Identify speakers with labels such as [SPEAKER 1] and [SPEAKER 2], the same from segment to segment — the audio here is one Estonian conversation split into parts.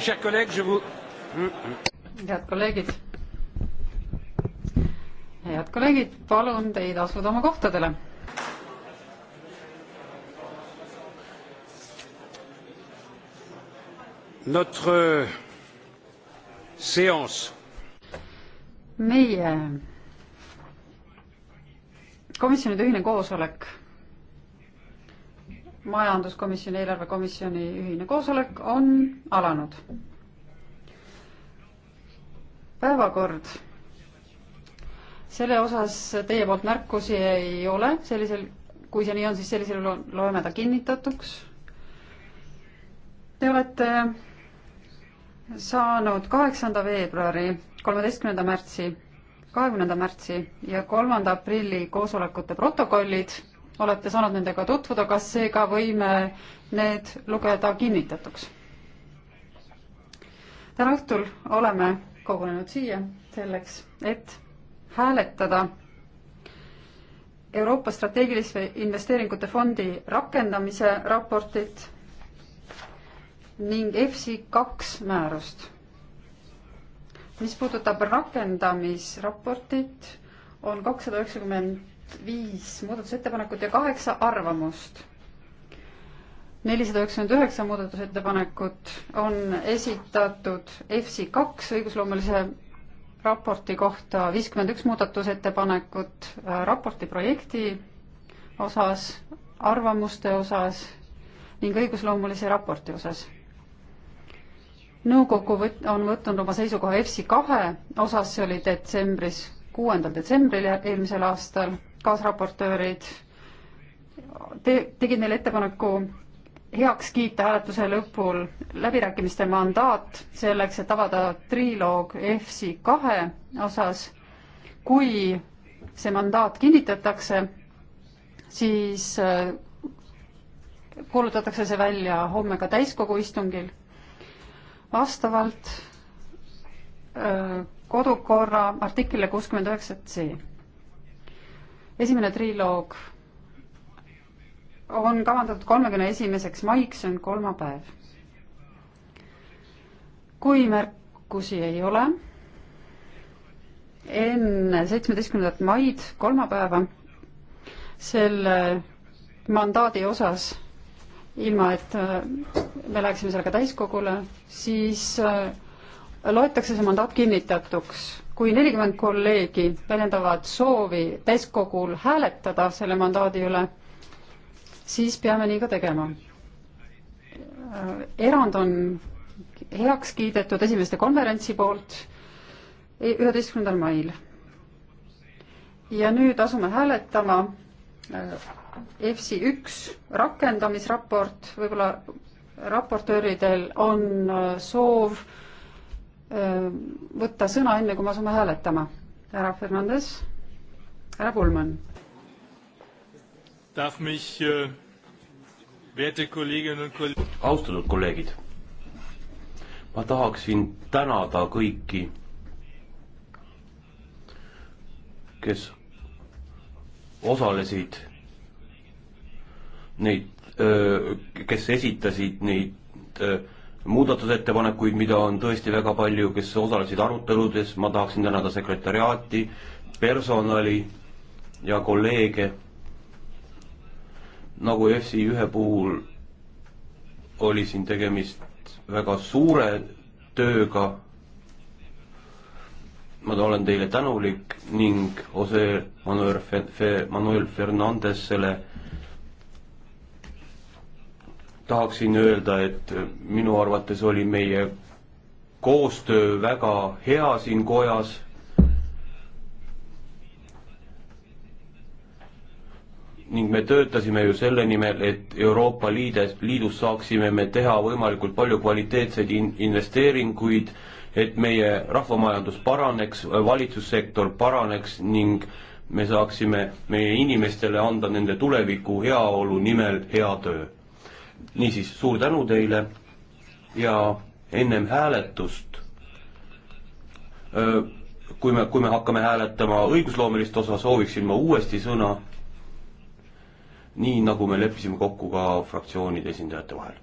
[SPEAKER 1] head
[SPEAKER 2] kolleegid, head kolleegid, palun teid asuda oma kohtadele.
[SPEAKER 1] Notre séance.
[SPEAKER 2] meie komisjonide ühine koosolek majanduskomisjoni, eelarvekomisjoni ühine koosolek on alanud. päevakord. selle osas teie poolt märkusi ei ole, sellisel, kui see nii on, siis sellisel juhul loeme ta kinnitatuks. Te olete saanud kaheksanda veebruari, kolmeteistkümnenda märtsi, kahekümnenda märtsi ja kolmanda aprilli koosolekute protokollid olete saanud nendega tutvuda, kas seega võime need lugeda kinnitatuks? täna õhtul oleme kogunenud siia selleks, et hääletada Euroopa strateegiliste investeeringute fondi rakendamise raportit ning EFSI kaks määrust. mis puudutab rakendamisraportit, on kakssada üheksakümmend viis muudatusettepanekut ja kaheksa arvamust. nelisada üheksakümmend üheksa muudatusettepanekut on esitatud EFSI kaks õigusloomelise raporti kohta, viiskümmend üks muudatusettepanekut äh, raporti projekti osas, arvamuste osas ning õigusloomulise raporti osas nõukogu võt-, on võtnud oma seisukoha EFSI kahe osas, see oli detsembris, kuuendal detsembril eelmisel aastal kaasraportöörid te, tegid neile ettepaneku heaks kiita hääletuse lõpul läbirääkimiste mandaat selleks, et avada triloog EFSI kahe osas. kui see mandaat kinnitatakse, siis kuulutatakse see välja homme ka täiskogu istungil. vastavalt äh, kodukorra artiklile kuuskümmend üheksa C esimene triloog on kavandatud kolmekümne esimeseks maiks, see on kolmapäev. kui märkusi ei ole, enne seitsmeteistkümnendat maid, kolmapäeva, selle mandaadi osas, ilma et äh, me läheksime sellega täiskogule, siis äh, loetakse see mandaat kinnitatuks kui nelikümmend kolleegi väljendavad soovi täiskogul hääletada selle mandaadi üle, siis peame nii ka tegema. Äh, erand on heaks kiidetud esimeste konverentsi poolt e, üheteistkümnendal mail. ja nüüd asume hääletama äh, EFSI üks rakendamisraport, võib-olla raportööridel on äh, soov võtta sõna, enne kui me asume hääletama. härra Fernandes, härra Pullmann.
[SPEAKER 1] Äh, austatud kolleegid, ma tahaksin tänada kõiki, kes osalesid neid, äh, kes esitasid neid öö, äh, muudatusettepanekuid, mida on tõesti väga palju, kes osalesid aruteludes, ma tahaksin tänada sekretäriaati, personali ja kolleege. nagu EFSI ühe puhul oli siin tegemist väga suure tööga. ma olen teile tänulik ning Jose Manuel, Manuel Fernandesele tahaksin öelda, et minu arvates oli meie koostöö väga hea siin kojas. ning me töötasime ju selle nimel, et Euroopa Liides, Liidus saaksime me teha võimalikult palju kvaliteetseid in investeeringuid, et meie rahvamajandus paraneks, valitsussektor paraneks ning me saaksime meie inimestele anda nende tuleviku heaolu nimel hea töö niisiis, suur tänu teile ja ennem hääletust, kui me, kui me hakkame hääletama õigusloomelist osa, sooviksin ma uuesti sõna, nii nagu me leppisime kokku ka fraktsioonide esindajate vahel.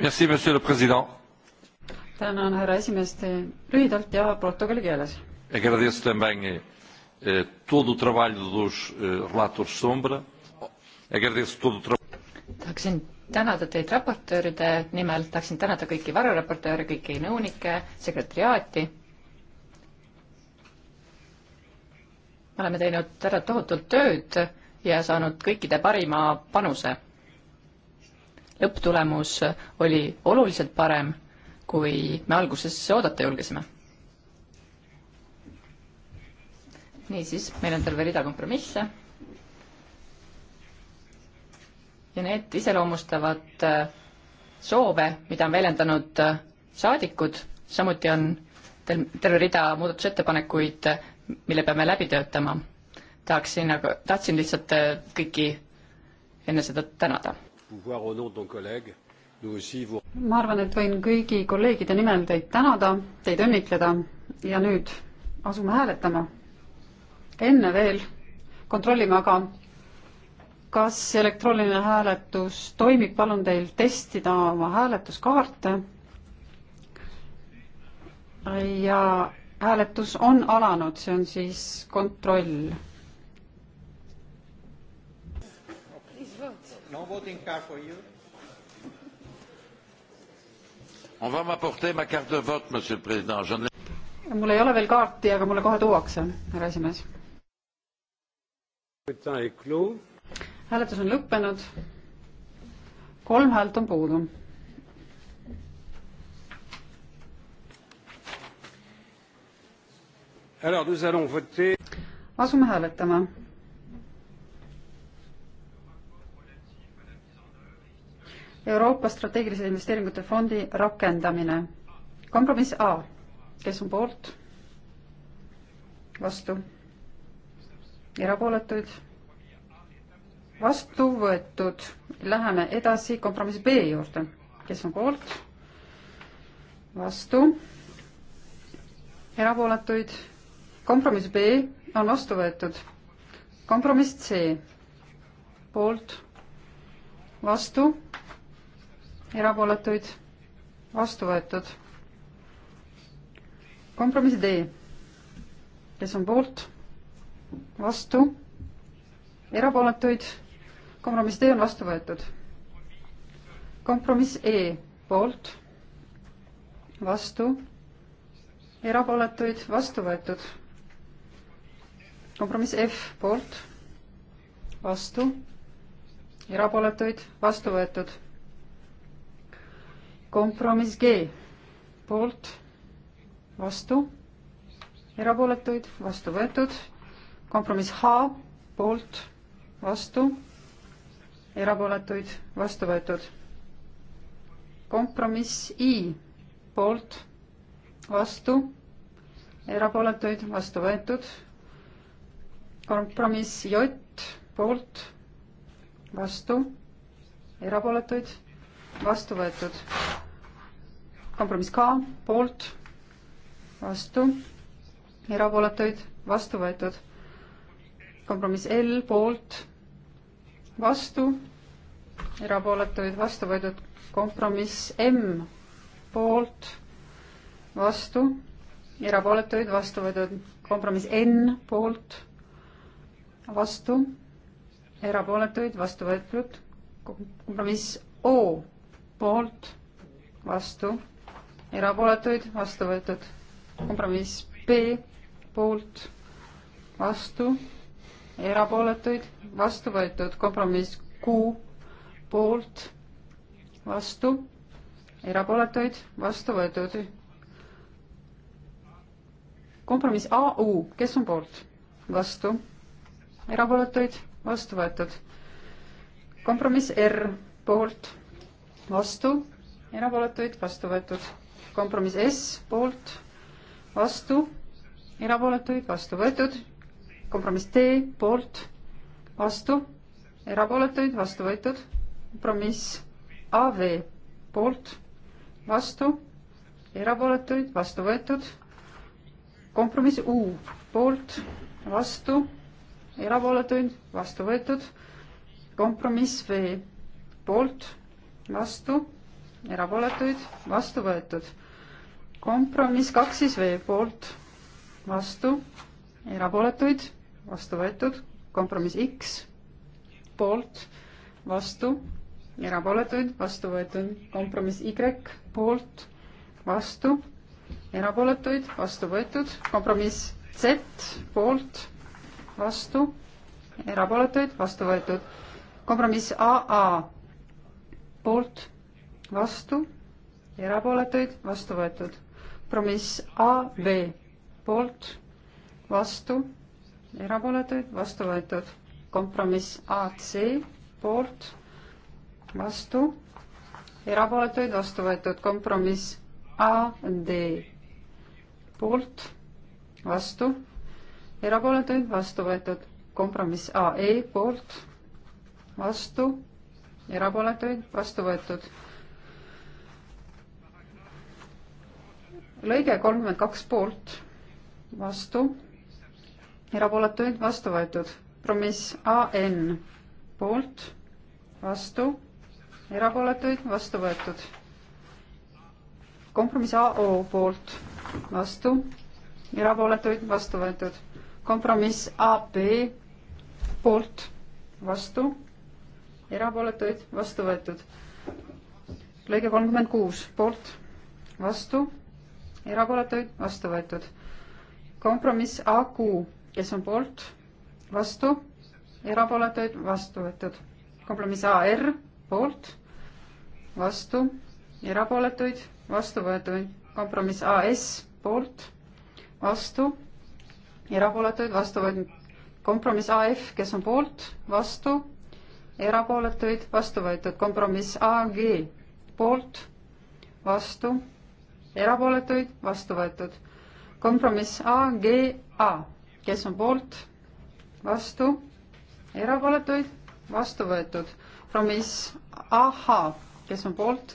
[SPEAKER 1] Merci, monsieur le president.
[SPEAKER 2] tänan, härra esimees, lühidalt ja portugali keeles
[SPEAKER 1] eh, todo o trabalho dos eh, relatores sombra. Agradeço todo o trabalho.
[SPEAKER 3] tahaksin tänada teid raportööride nimel, tahaksin tänada kõiki vararaportööre, kõiki nõunikke, sekretäriaati. me oleme teinud ära tohutult tööd ja saanud kõikide parima panuse. lõpptulemus oli oluliselt parem, kui me alguses oodata julgesime niisiis, meil on terve rida kompromisse. ja need iseloomustavad äh, soove, mida on väljendanud äh, saadikud, samuti on tel-, terve rida muudatusettepanekuid, äh, mille peame läbi töötama. tahaksin, aga tahtsin lihtsalt kõiki enne seda tänada.
[SPEAKER 2] ma arvan, et võin kõigi kolleegide nimel teid tänada, teid õnnitleda ja nüüd asume hääletama enne veel kontrollime aga, kas elektrooniline hääletus toimib, palun teil testida oma hääletuskaarte. ja hääletus on alanud, see on siis kontroll no voting card for you.
[SPEAKER 1] On va m'apporter ma carte de vote, monsieur le président. J'en ai...
[SPEAKER 2] mul ei ole veel kaarti, aga mulle kohe tuuakse, härra esimees hääletus on lõppenud. kolm häält on puudu. asume hääletama. Euroopa strateegilise investeeringute fondi rakendamine. kompromiss A, kes on poolt? vastu erapooletuid, vastu võetud. Läheme edasi kompromiss B juurde, kes on poolt, vastu, erapooletuid, kompromiss B on vastu võetud, kompromiss C poolt, vastu, erapooletuid, vastu võetud, kompromiss D, kes on poolt vastu, erapooletuid, kompromiss D on vastu võetud. kompromiss E poolt, vastu, erapooletuid, vastu võetud. kompromiss F poolt, vastu, erapooletuid, vastu võetud. kompromiss G poolt, vastu, erapooletuid, vastu võetud kompromiss H poolt, vastu, erapooletuid, vastu võetud. kompromiss I poolt, vastu, erapooletuid, vastu võetud. kompromiss J poolt, vastu, erapooletuid, vastu võetud. kompromiss K poolt, vastu, erapooletuid, vastu võetud kompromiss L poolt, vastu, erapooletuid vastu võetud, kompromiss M poolt, vastu, erapooletuid vastu võetud, kompromiss N poolt, vastu, erapooletuid vastu võetud, kompromiss O poolt, vastu, erapooletuid vastu võetud, kompromiss B poolt, vastu erapooletuid, vastu võetud kompromiss Q poolt, vastu, erapooletuid, vastu võetud. kompromiss AU, kes on poolt, vastu, erapooletuid, vastu võetud. kompromiss R poolt, vastu, erapooletuid, vastu võetud. kompromiss S poolt, vastu, erapooletuid, vastu võetud kompromiss D poolt, vastu, erapooletuid, vastu võetud. kompromiss AV poolt, vastu, erapooletuid, vastu võetud. kompromiss U poolt, vastu, erapooletuid, vastu võetud. kompromiss V poolt, vastu, erapooletuid, vastu võetud. kompromiss kaks siis V poolt, vastu, erapooletuid vastu võetud, kompromiss X, poolt, vastu, erapooletuid, vastu võetud, kompromiss Y, poolt, vastu, erapooletuid, vastu võetud, kompromiss Z, poolt, vastu, erapooletuid, vastu võetud, kompromiss AA, poolt, vastu, erapooletuid, vastu võetud, kompromiss AB, poolt, vastu erapooletuid, vastu võetud. kompromiss AC poolt, vastu, erapooletuid, vastu võetud. kompromiss AD poolt, vastu, erapooletuid, vastu võetud. kompromiss AE poolt, vastu, erapooletuid, vastu võetud. lõige kolmkümmend kaks poolt, vastu erapooletuid vastu võetud. promiss AN poolt, vastu, erapooletuid vastu võetud. kompromiss AO poolt, vastu, erapooletuid vastu võetud. kompromiss AB poolt, vastu, erapooletuid vastu võetud. lõige kolmkümmend kuus poolt, vastu, erapooletuid vastu võetud. kompromiss AQ kes on poolt, vastu, erapooletuid, vastu võetud. kompromiss AR poolt, vastu, erapooletuid, vastu võetud. kompromiss AS poolt, vastu, erapooletuid, vastu võetud. kompromiss AF, kes on poolt, vastu, erapooletuid, vastu võetud. kompromiss AG poolt, vastu, erapooletuid, vastu võetud. kompromiss AGA kes on poolt, vastu, erapooletuid, vastu võetud. promiss ahhaa, kes on poolt,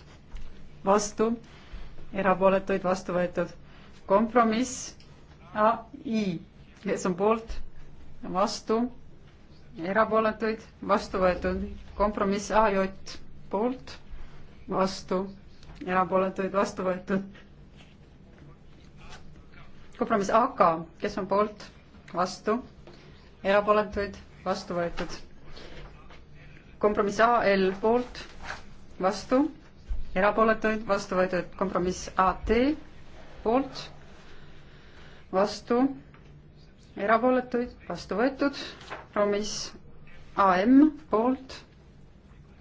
[SPEAKER 2] vastu, erapooletuid, vastu võetud. kompromiss ai, kes on poolt, vastu, erapooletuid, vastu võetud. kompromiss aj, poolt, vastu, erapooletuid, vastu võetud kompromiss, aga kes on poolt, vastu, erapooletuid, vastu võetud. kompromiss AL poolt, vastu, erapooletuid, vastu võetud. kompromiss AT poolt, vastu, erapooletuid, vastu võetud. kompromiss AM poolt,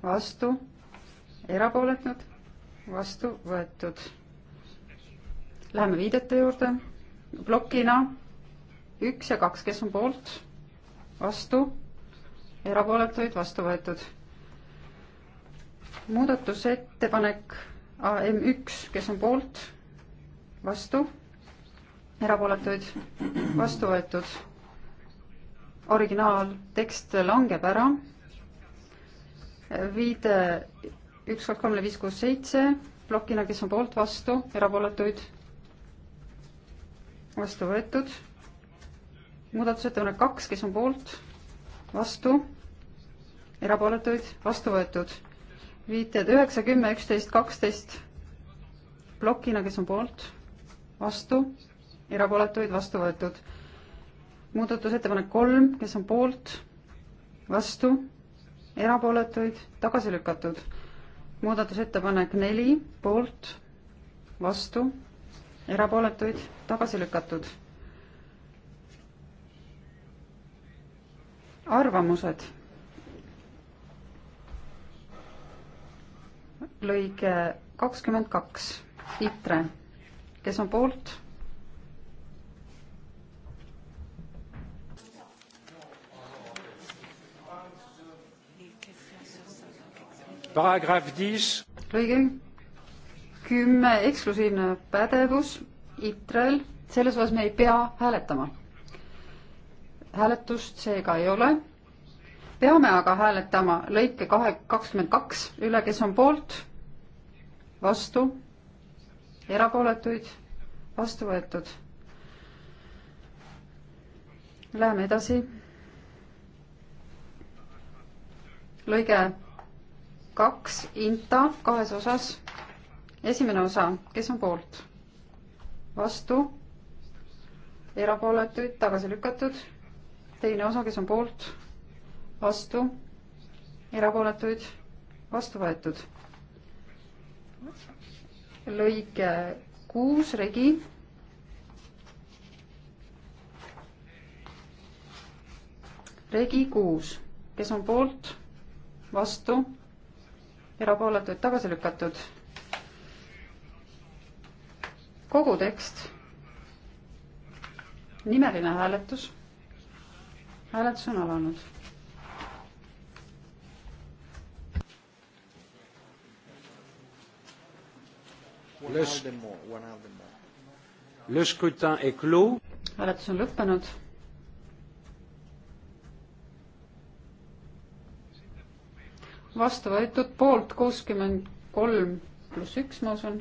[SPEAKER 2] vastu, erapooletud, vastu võetud. Läheme viidete juurde plokina üks ja kaks, kes on poolt, vastu, erapooletuid, vastu võetud. muudatusettepanek AM üks, kes on poolt, vastu, erapooletuid, vastu võetud. originaaltekst langeb ära. viide üks, kaks, kolm, neli, viis, kuus, seitse plokina, kes on poolt, vastu, erapooletuid, vastu võetud muudatusettepanek kaks, kes on poolt, vastu, erapooletuid, vastu võetud. viited üheksa, kümme, üksteist, kaksteist plokina, kes on poolt, vastu, erapooletuid, vastu võetud. muudatusettepanek kolm, kes on poolt, vastu, erapooletuid, tagasi lükatud. muudatusettepanek neli, poolt, vastu, erapooletuid, tagasi lükatud arvamused. lõige kakskümmend kaks, ITRE, kes on poolt?
[SPEAKER 1] paragrahv viis.
[SPEAKER 2] lõige kümme, eksklusiivne pädevus ITRE-l, selles osas me ei pea hääletama hääletust seega ei ole. peame aga hääletama lõike kahe, kakskümmend kaks üle, kes on poolt, vastu, erapooletuid, vastu võetud. Läheme edasi. lõige kaks, INTA kahes osas. esimene osa, kes on poolt? vastu, erapooletuid tagasi lükatud teine osa, kes on poolt, vastu, erapooletuid, vastu võetud. lõige kuus, regi. regi kuus, kes on poolt, vastu, erapooletuid tagasi lükatud. kogu tekst, nimeline hääletus hääletus on alanud. hääletus on lõppenud. vastu võetud poolt kuuskümmend kolm pluss üks, ma usun.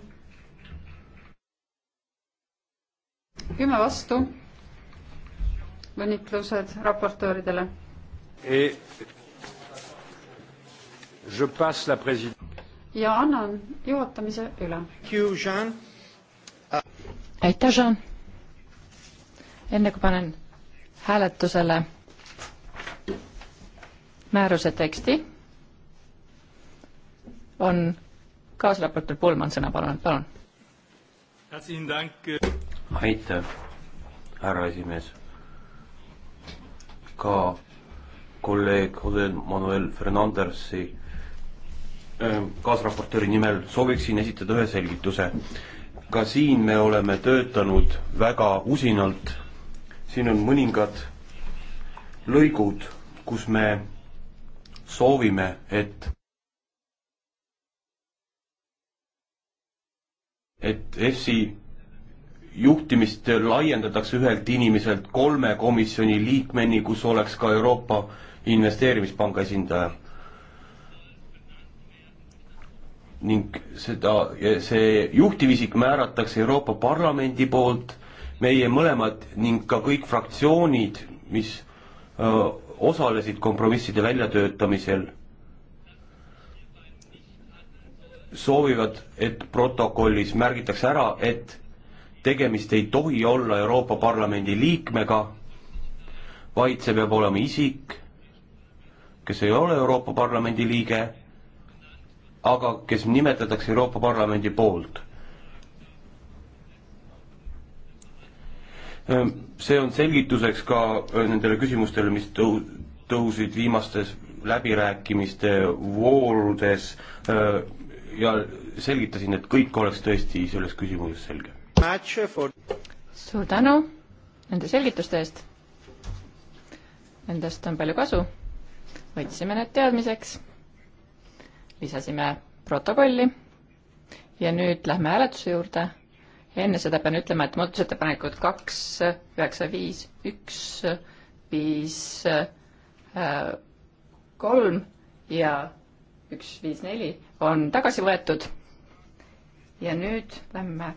[SPEAKER 2] kümme vastu õnnitlused raportööridele. ja annan juhatamise üle. aitäh, Jean.
[SPEAKER 3] enne kui panen hääletusele määruse teksti, on kaasraportöör Pullmann sõna
[SPEAKER 1] palunud, palun. aitäh, härra esimees ka kolleeg Jose Manuel Fernandesi äh, kaasraportööri nimel sooviksin esitada ühe selgituse. ka siin me oleme töötanud väga usinalt. siin on mõningad lõigud, kus me soovime, et et EFSi juhtimist laiendatakse ühelt inimeselt kolme komisjoni liikmeni, kus oleks ka Euroopa Investeerimispanga esindaja. ning seda, see juhtivisik määratakse Euroopa Parlamendi poolt, meie mõlemad ning ka kõik fraktsioonid, mis öö, osalesid kompromisside väljatöötamisel, soovivad, et protokollis märgitakse ära, et tegemist ei tohi olla Euroopa Parlamendi liikmega, vaid see peab olema isik, kes ei ole Euroopa Parlamendi liige, aga kes nimetatakse Euroopa Parlamendi poolt. Ehm, see on selgituseks ka äh, nendele küsimustele, mis tõu-, tõusid viimastes läbirääkimiste voorudes äh, ja selgitasin, et kõik oleks tõesti selles küsimuses selge
[SPEAKER 2] suur tänu nende
[SPEAKER 3] selgituste eest. Nendest on palju kasu. võtsime need teadmiseks, lisasime protokolli ja nüüd lähme hääletuse juurde. enne seda pean ütlema, et muudatusettepanekud kaks, üheksa, viis, üks, viis, äh, kolm ja üks, viis, neli on tagasi võetud. ja nüüd lähme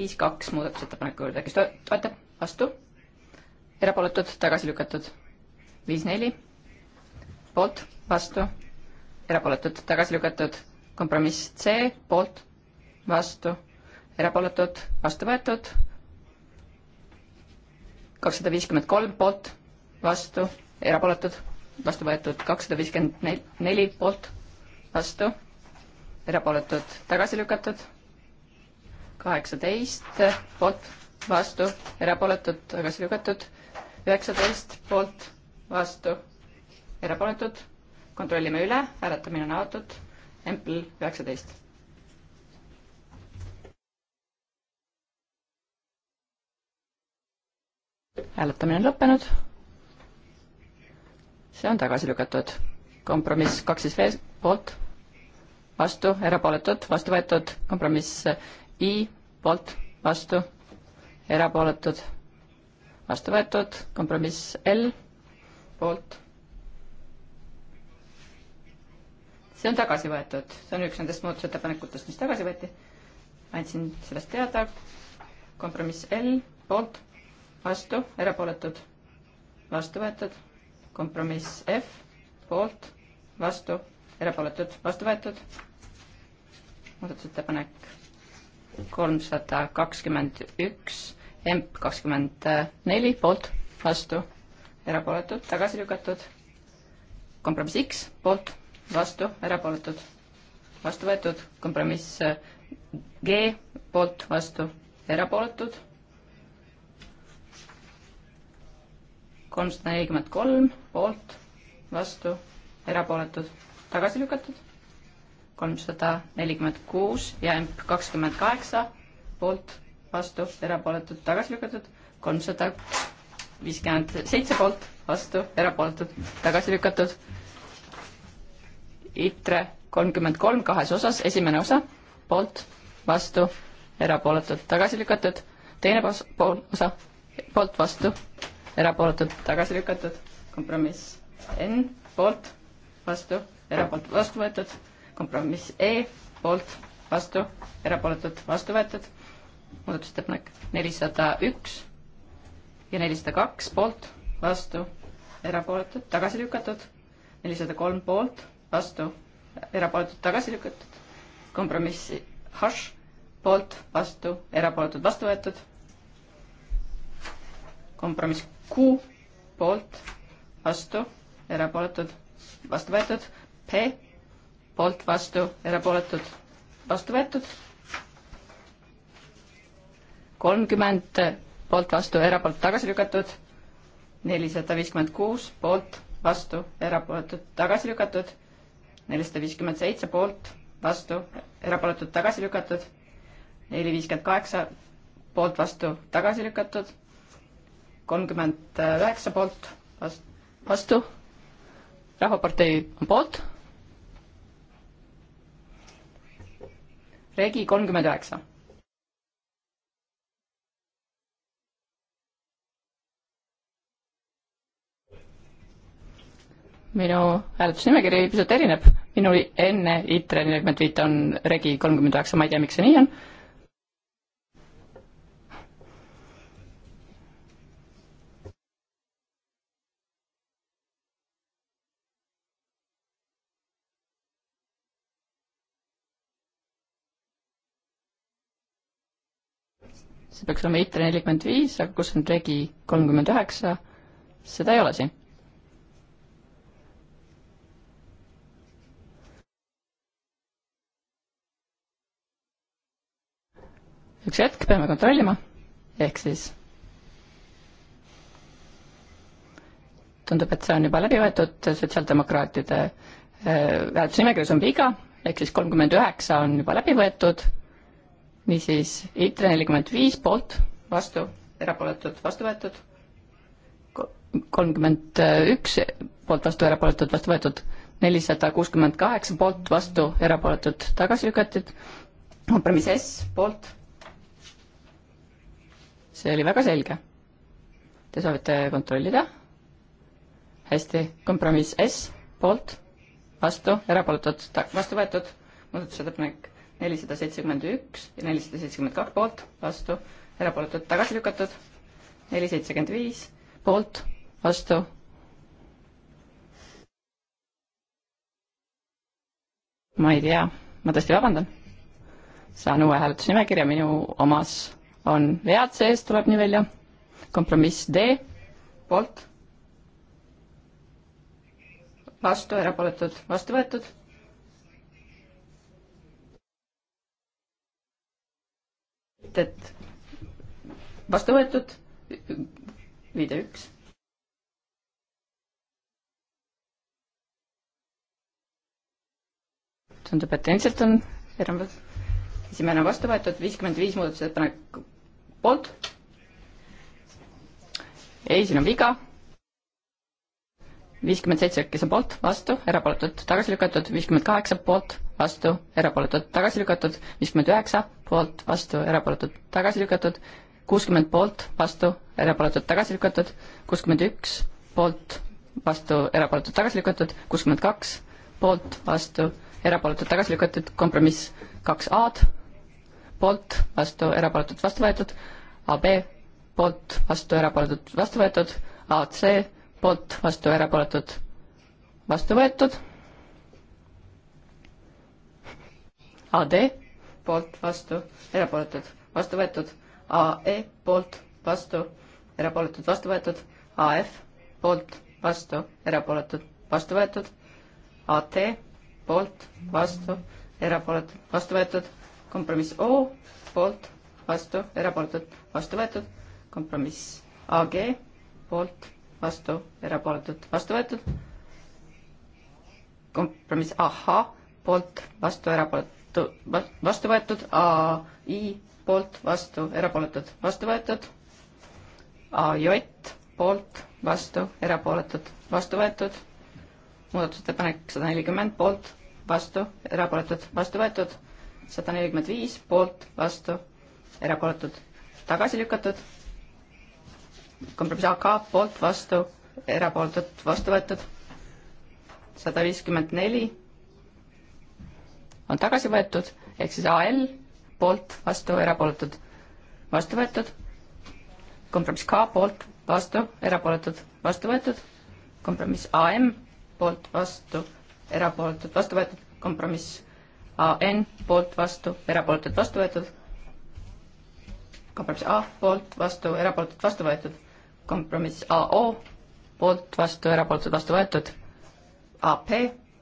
[SPEAKER 3] viis, kaks muudatusettepaneku juurde, kes toetab, vastu, erapooletud, tagasi lükatud. viis, neli, poolt, vastu, erapooletud, tagasi lükatud. kompromiss C, poolt, vastu, erapooletud, vastu võetud. kakssada viiskümmend kolm poolt, vastu, erapooletud, vastu võetud. kakssada viiskümmend neli poolt, vastu, erapooletud, tagasi lükatud kaheksateist poolt, vastu, erapooletud, tagasi lükatud, üheksateist poolt, vastu, erapooletud, kontrollime üle, hääletamine on avatud, Empl üheksateist. hääletamine on lõppenud. see on tagasi lükatud. kompromiss kaks siis vees, poolt, vastu, erapooletud, vastu võetud, kompromiss I poolt, vastu, erapooletud, vastu võetud, kompromiss L poolt. see on tagasi võetud, see on üks nendest muudatusettepanekutest, mis tagasi võeti. andsin sellest teada. kompromiss L poolt, vastu, erapooletud, vastu võetud. kompromiss F poolt, vastu, erapooletud, vastu võetud. muudatusettepanek kolmsada kakskümmend üks, emp kakskümmend neli poolt, vastu, erapooletud, tagasi lükatud. kompromiss X poolt, vastu, erapooletud, vastu võetud, kompromiss eh, G poolt, vastu, erapooletud. kolmsada nelikümmend kolm poolt, vastu, erapooletud, tagasi lükatud kolmsada nelikümmend kuus ja MP kakskümmend kaheksa poolt, vastu, erapooletud, tagasi lükatud, kolmsada viiskümmend seitse poolt, vastu, erapooletud, tagasi lükatud. ITRE kolmkümmend kolm kahes osas, esimene osa, poolt, vastu, erapooletud, tagasi lükatud, teine pos-, pool, osa, poolt, vastu, erapooletud, tagasi lükatud, kompromiss N, poolt, vastu, erapoolt, vastu võetud kompromiss E poolt, vastu, erapooletud, vastu võetud. muudatusettepanek nelisada üks ja nelisada kaks poolt, vastu, erapooletud, tagasi lükatud. nelisada kolm poolt, vastu, erapooletud, tagasi lükatud. kompromiss H poolt, vastu, erapooletud, vastu võetud. kompromiss Q poolt, vastu, erapooletud, vastu võetud. P poolt, vastu, erapooletud, vastu võetud. kolmkümmend poolt, vastu, erapoolt tagasi lükatud. nelisada viiskümmend kuus poolt, vastu, erapooletud, tagasi lükatud. nelisada viiskümmend seitse poolt, vastu, erapooletud, tagasi lükatud. neli viiskümmend kaheksa poolt, vastu, tagasi lükatud. kolmkümmend üheksa poolt, vastu, vastu. rahvapartei on poolt regi kolmkümmend üheksa. minu hääletusnimekiri pisut erineb, minu enne ITRE nelikümmend viit on regi kolmkümmend üheksa, ma ei tea, miks see nii on see peaks olema ITRE nelikümmend viis, aga kus on Regi kolmkümmend üheksa, seda ei ole siin. üks hetk, peame kontrollima, ehk siis tundub, et see on juba läbi võetud, sotsiaaldemokraatide äh, hääletusnimekirjas on viga, ehk siis kolmkümmend üheksa on juba läbi võetud niisiis ITRE nelikümmend viis poolt, vastu, erapooletud, vastu võetud, kolmkümmend üks poolt, vastu, erapooletud, vastu võetud, nelisada kuuskümmend kaheksa poolt, vastu, erapooletud, tagasi lükatud, kompromiss S poolt, see oli väga selge. Te soovite kontrollida? hästi, kompromiss S poolt, vastu, erapooletud, vastu võetud, muudatusettepanek nelisada seitsekümmend üks ja nelisada seitsekümmend kaks poolt, vastu, erapooletud tagasi lükatud, neli seitsekümmend viis poolt, vastu. ma ei tea, ma tõesti vabandan. saan uue hääletusnimekirja, minu omas on vead sees, tuleb nii välja. kompromiss D poolt, vastu, erapooletud, vastu võetud mõtted vastu võetud, viide üks. tundub, et endiselt on erandid. esimene on vastu võetud, viiskümmend viis muudatusettepanek poolt. ei, siin on viga. viiskümmend seitse, kes on poolt, vastu, erapooletud, tagasi lükatud, viiskümmend kaheksa poolt, vastu, erapooletud, tagasi lükatud, viiskümmend üheksa poolt, vastu, erapooletud, tagasi lükatud, kuuskümmend poolt, vastu, erapooletud, tagasi lükatud, kuuskümmend üks poolt, vastu, erapooletud, tagasi lükatud, kuuskümmend kaks poolt, vastu, erapooletud, tagasi lükatud, kompromiss kaks A-d, poolt, vastu, erapooletud, vastu võetud, AB, poolt, vastu, erapooletud, vastu võetud, AC, poolt, vastu, erapooletud, vastu võetud, AD poolt, vastu, erapooletud, vastu võetud. AE poolt, vastu, erapooletud, vastu võetud. AF poolt, vastu, erapooletud, vastu võetud. AT poolt, vastu, erapooletud, vastu võetud. kompromiss O poolt, vastu, erapooletud, vastu võetud. kompromiss AG poolt, vastu, erapooletud, vastu võetud kompromiss ahhaa, poolt, vastu, erapooletud, vastu, vastu võetud, ai poolt vastu, erapooletud, vastu võetud, aj poolt vastu, erapooletud, vastu võetud, muudatusettepanek sada nelikümmend poolt vastu, erapooletud, vastu võetud, sada nelikümmend viis poolt vastu, erapooletud, tagasi lükatud, kompromiss AK poolt vastu, erapooletud, vastu võetud, sada viiskümmend neli on tagasi võetud, ehk siis AL poolt, vastu, erapooletud, vastu võetud. kompromiss K poolt, vastu, erapooletud, vastu võetud. kompromiss AM poolt, vastu, erapooletud, vastu võetud. kompromiss AN poolt, vastu, erapooletud, vastu võetud. kompromiss A poolt, vastu, erapooletud, vastu võetud. kompromiss AO poolt, vastu, erapooletud, vastu võetud. AP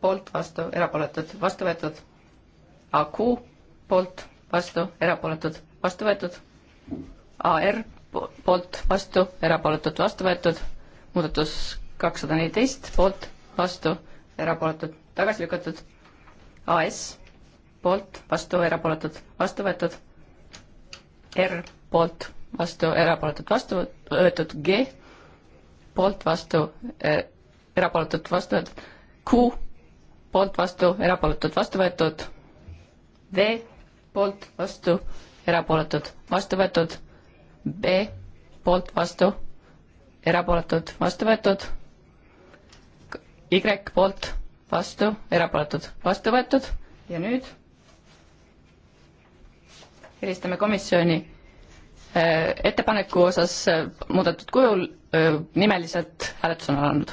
[SPEAKER 3] poolt, vastu, erapooletud, vastu võetud AQ poolt, vastu, erapooletud, vastu võetud. AR poolt, vastu, erapooletud, vastu võetud. muudatus kakssada neliteist poolt, vastu, erapooletud, tagasi lükatud. AS poolt, vastu, erapooletud, vastu võetud. R poolt, vastu, erapooletud, vastu võetud. G poolt, vastu, e-, erapooletud, vastu võetud. Q poolt, vastu, erapooletud, vastu võetud V poolt, vastu, erapooletud, vastu võetud. B poolt, vastu, erapooletud, vastu võetud. Y poolt, vastu, erapooletud, vastu võetud ja nüüd helistame komisjoni äh, ettepaneku osas äh, muudetud kujul äh, nimeliselt hääletus on alanud.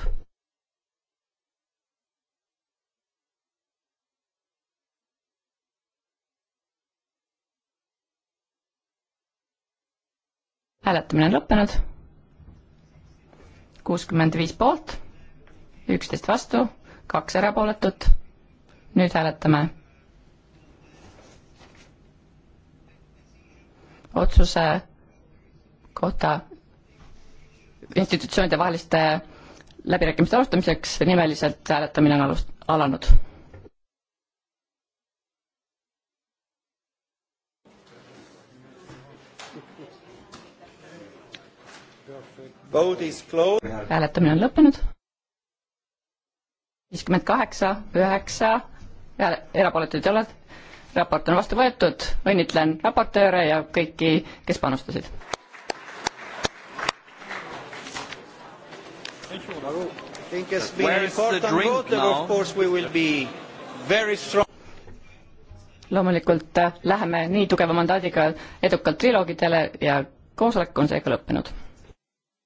[SPEAKER 3] hääletamine on lõppenud. kuuskümmend viis poolt, üksteist vastu, kaks erapooletut. nüüd hääletame otsuse kohta institutsioonide vaheliste läbirääkimiste alustamiseks nimeliselt hääletamine on alust-, alanud hääletamine on lõppenud. viiskümmend kaheksa, üheksa, erapooletuid ei ole. raport on vastu võetud, õnnitlen raportööre ja kõiki, kes panustasid.
[SPEAKER 1] think has been an important vote, of course we will be very strong
[SPEAKER 3] loomulikult äh, läheme nii
[SPEAKER 1] tugeva mandaadiga edukalt triloogidele ja koosolek on seega lõppenud